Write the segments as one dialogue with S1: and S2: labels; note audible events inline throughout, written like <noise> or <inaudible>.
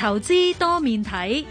S1: 投資多面睇。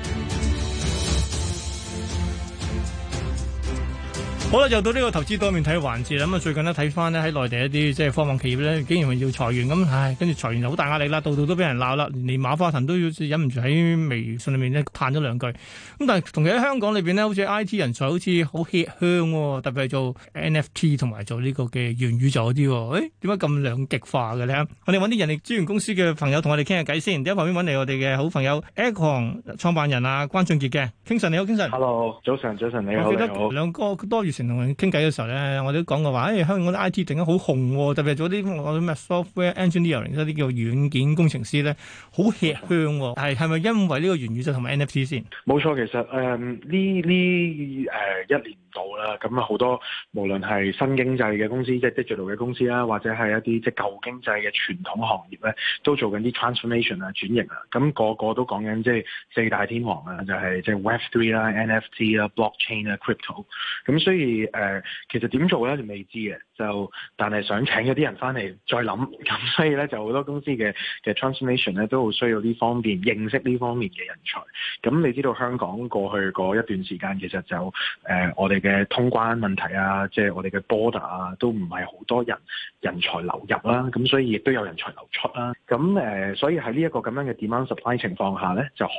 S2: 好啦，又到呢個投資多面睇嘅環節啦。咁啊，最近咧睇翻呢喺內地一啲即係科網企業咧，竟然要裁員，咁唉，跟住裁員又好大壓力啦，度度都俾人鬧啦。連，連馬化騰都要忍唔住喺微信裏面咧嘆咗兩句。咁但係同期喺香港裏邊呢，好似 I T 人才好似好吃香、哦，特別係做 N F T 同埋做呢個嘅元宇宙嗰啲。誒，點解咁兩極化嘅咧？我哋揾啲人力資源公司嘅朋友同我哋傾下偈先。而家旁邊揾嚟我哋嘅好朋友 Ergon 創辦人啊關竣杰嘅。Kingson，你好，Kingson。
S1: Hello，早晨，早晨你好，你好。
S2: 兩個多月。同佢傾偈嘅時候咧，我都講過話，誒、哎、香港啲 I.T. 整得好紅、哦，特別係啲我啲咩 software engineering 嗰啲叫軟件工程師咧，好吃香、哦。係係咪因為呢個元宇宙同埋 NFT 先？
S1: 冇錯，其實呢呢、嗯呃、一年到啦，咁啊好多無論係新經濟嘅公司，即、就、係、是、digital 嘅公司啦，或者係一啲即係舊經濟嘅傳統行業咧，都做緊啲 transformation 啊、轉型啊。咁、那個個都講緊即係四大天王啊，就係、是、即係 Web Three 啦、NFT 啦、blockchain 啦、crypto。咁所以啲、呃、其實點做咧就未知嘅，就但係想請一啲人翻嚟再諗，咁所以咧就好多公司嘅嘅 transformation 咧都好需要呢方面認識呢方面嘅人才。咁你知道香港過去嗰一段時間其實就誒、呃、我哋嘅通關問題啊，即、就、係、是、我哋嘅 border 啊，都唔係好多人人才流入啦、啊，咁所以亦都有人才流出啦、啊。咁誒、呃，所以喺呢一個咁樣嘅 demand supply 情況下咧，就好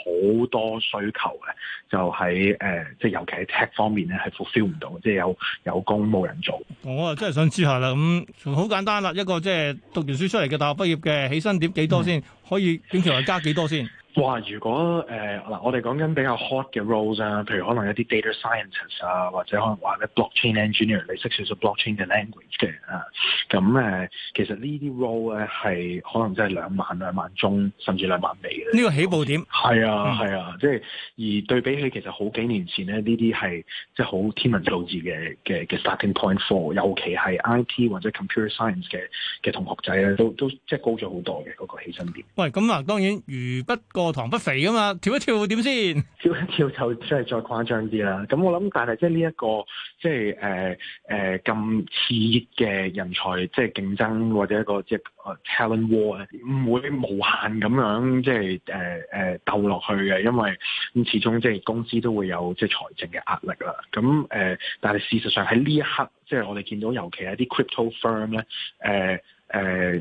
S1: 多需求呢就喺即係尤其係 tech 方面咧係 fulfill 唔到，即有有工冇人做，
S2: 我啊、哦、真係想知下啦。咁好簡單啦，一個即係讀完書出嚟嘅大學畢業嘅，起薪點幾多先？嗯、可以短期內加幾多先？
S1: 哇！如果誒嗱、呃，我哋講緊比較 hot 嘅 roles 啊，譬如可能有啲 data scientist 啊，或者可能話咧 blockchain engineer，你識少少 blockchain 嘅 language 嘅啊，咁、嗯、誒其實呢啲 role 咧係可能真係兩萬兩萬中，甚至兩萬尾嘅。呢個起步點係啊係啊，即係、啊嗯、而對比起其實好幾年前咧，呢啲係即係好天文數字嘅嘅嘅 starting point for，尤其係 IT 或者 computer science 嘅嘅同學仔咧，都都即係高咗好多嘅嗰、那個起薪點。
S2: 喂，咁啊當然如不。過堂不肥噶嘛？跳一跳點先？跳一跳就即係再誇張啲啦。咁我諗，
S1: 但係即係呢一個即係誒誒咁刺激嘅人才即係競爭或者一個即係 talent war 唔會無限咁樣即係誒誒鬥落去嘅，因為咁始終即係公司都會有即係財政嘅壓力啦。咁誒、呃，但係事實上喺呢一刻，即、就、係、是、我哋見到，尤其係啲 crypto firm 咧、呃、誒。誒、呃、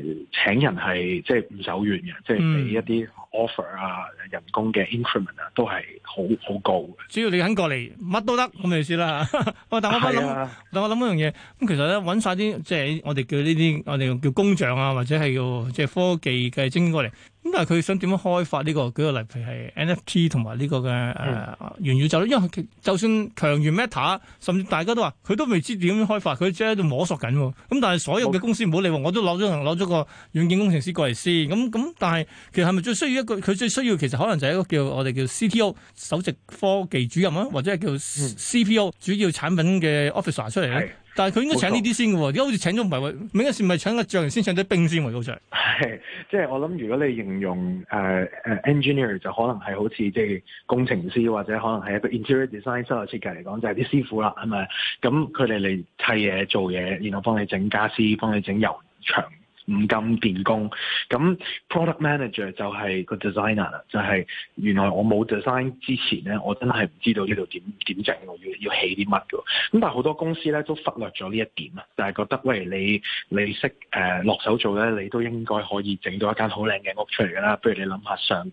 S1: 請人係即係唔手軟嘅，即係俾一啲 offer 啊、人工嘅 increment 啊，都係好好高嘅。
S2: 只要你肯過嚟，乜都得咁意思啦，但我諗，是啊、但我諗一樣嘢，咁其實咧揾晒啲即係我哋叫呢啲，我哋叫工匠啊，或者係叫即係科技嘅精英過嚟。咁但係佢想點樣開發呢個？舉個例，譬如係 NFT 同埋呢個嘅誒、元宇宙，因為就算強如 Meta，甚至大家都話佢都未知點樣開發，佢即係喺度摸索緊。咁但係所有嘅公司唔好理，我都攞咗攞咗個軟件工程師過嚟先。咁咁，但係其實係咪最需要一個佢最需要其實可能就係一個叫我哋叫 CTO，首席科技主任啊，或者係叫 CPO 主要產品嘅 Officer 出嚟咧？但係佢應該請呢啲先嘅喎，而家錯好似請咗唔係喎，咩事唔係請個匠人先請咗兵先喎，好似係。即
S1: 係、 <music> 就是、我諗如果你形容誒誒、uh, uh, engineer 就可能係好似即係工程師或者可能係一個 interior design 室內設計嚟講就係、是、啲師傅啦係咪？咁佢哋嚟砌嘢做嘢，然後幫你整傢俬，幫你整油牆。五金電工，咁 product manager 就係個 designer 啦，就係原來我冇 design 之前咧，我真係唔知道呢度點點整喎，要要起啲乜㗎喎。咁但係好多公司咧都忽略咗呢一點啊，就係覺得喂你你識呃、落手做咧，你都應該可以整到一間好靚嘅屋出嚟㗎啦。不如你諗下想，想。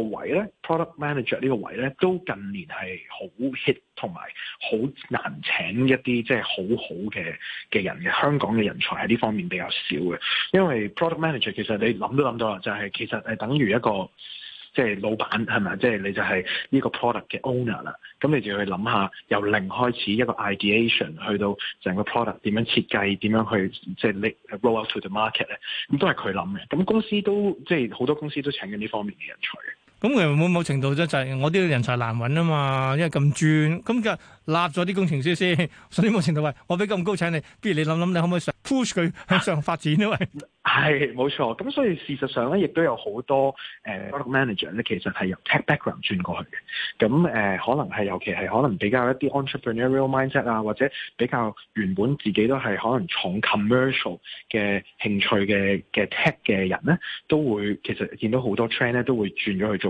S1: 這個位咧，product manager 呢個位咧，都近年係好 hit，同埋好難請一啲即係好好嘅嘅人，香港嘅人才喺呢方面比較少嘅。因為 product manager 其實你諗都諗到啦，就係其實係等於一個即係老闆係咪？即係你就係呢個 product 嘅 owner 啦。咁你就要去諗下由零開始一個 ideation 去到成個 product 點樣設計，點樣去即係 roll out to the market 咧。咁都係佢諗嘅。咁公司都即係好多公司都請緊呢方面嘅人才嘅
S2: 咁誒，冇某程度啫就係、是、我啲人才難揾啊嘛，因為咁專，咁就立咗啲工程師先，所以冇程度喂，我俾咁高請你，不如你諗諗，你可唔可以 push 佢向上發展？因為
S1: 係冇錯，咁所以事實上咧，亦都有好多誒、呃、product manager 咧，其實係由 tech background 轉過去嘅。咁誒、呃、可能係尤其係可能比較一啲 entrepreneurial mindset 啊，或者比較原本自己都係可能重 commercial 嘅興趣嘅嘅 tech 嘅人咧，都會其實見到好多 trend 咧，都會轉咗去做。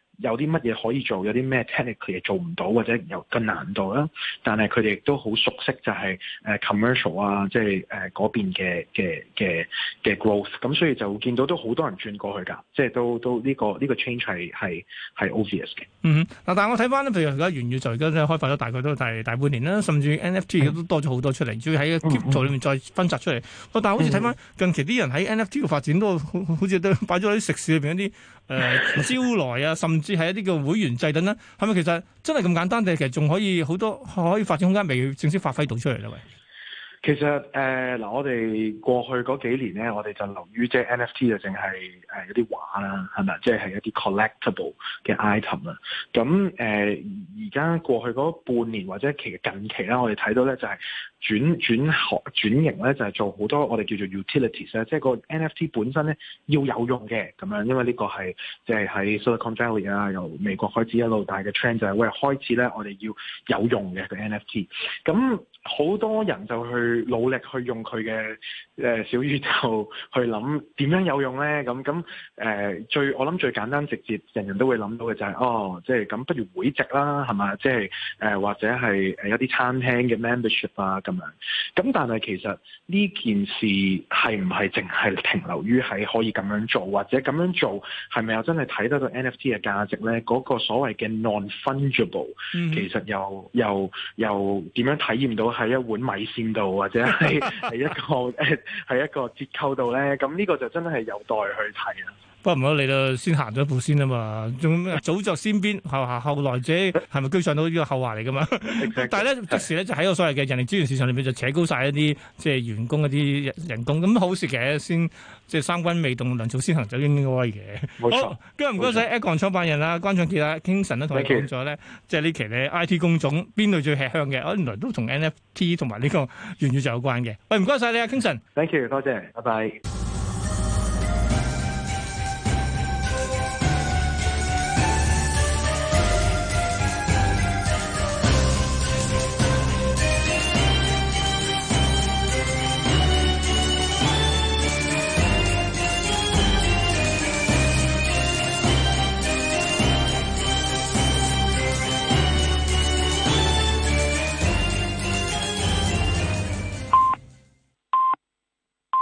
S1: 有啲乜嘢可以做，有啲咩 technical 做唔到，或者有嘅難度啦。但係佢哋都好熟悉就、啊，就係 commercial 啊，即係誒嗰邊嘅嘅嘅嘅 growth。咁所以就見到都好多人轉過去㗎，即係都都呢、這個呢、這個 change 係係係 obvious 嘅。嗯
S2: 嗱，但我睇翻譬如而家元宇就而家即係開發咗大概都係大,大半年啦，甚至 NFT 都多咗好多出嚟，主、嗯、要喺 n f 裏面再分拆出嚟。嗯嗯但係好似睇翻近期啲人喺 NFT 嘅發展都好似都擺咗喺食肆裏邊一啲。誒、 <laughs> 呃，招來啊，甚至係一啲叫會員制等啦，係咪其實真係咁簡單的？定係其實仲可以好多可以發展空間未正式發揮到出嚟咧？喂，
S1: 其實誒，嗱、呃，我哋過去嗰幾年咧，我哋就留於即係 NFT 就淨係誒一啲畫啦，係咪？即係係一啲 collectible 嘅 item 啦。咁誒，而、就、家、是呃、過去嗰半年或者其實近期啦，我哋睇到咧就係、是。轉轉學轉型咧，就係、是、做好多我哋叫做 utilities 咧，即係個 NFT 本身咧要有用嘅咁樣，因為呢個係即係喺 Silicon Valley 啊，由美國開始一路大嘅 trend 就係開始咧，我哋要有用嘅、個 NFT。咁好多人就去努力去用佢嘅、呃、小宇宙去諗點樣有用咧。咁咁誒最我諗最簡單直接，人人都會諗到嘅就係、是、哦，即係咁不如會籍啦，係嘛？即係誒或者係一有啲餐廳嘅 membership 啊咁。咁樣，咁但係其實呢件事係唔係淨係停留於係可以咁樣做，或者咁樣做係咪又真係睇得到 NFT 嘅價值咧？嗰個所謂嘅 non-fungible，其實又又又點樣體驗到喺一碗米線度，或者係係一個誒係 <laughs> <laughs> 一個折扣度咧？咁呢個就真係有待去睇啦。
S2: 不唔好你到先行咗一步先啊嘛，早著先鞭，後後來者係咪居上到呢個後話嚟噶嘛？Exactly. <laughs> 但係咧，即時咧就喺個所謂嘅人力資源市場裏邊就扯高晒一啲即係員工一啲人工咁好事嘅，先即係三軍未動，糧草先行就應該嘅。冇錯，今日唔該晒，Ergon 創辦人啦、啊，關竣傑啦、啊、Kingson 都、啊、同你講咗咧，Thank you. 即係呢期嘅 I T 工種邊度最吃香嘅、哦？原來都同 N F T 同埋呢個元宇宙有關嘅。喂、哎，唔該晒你、啊、Kingson，thank you，多謝，拜拜。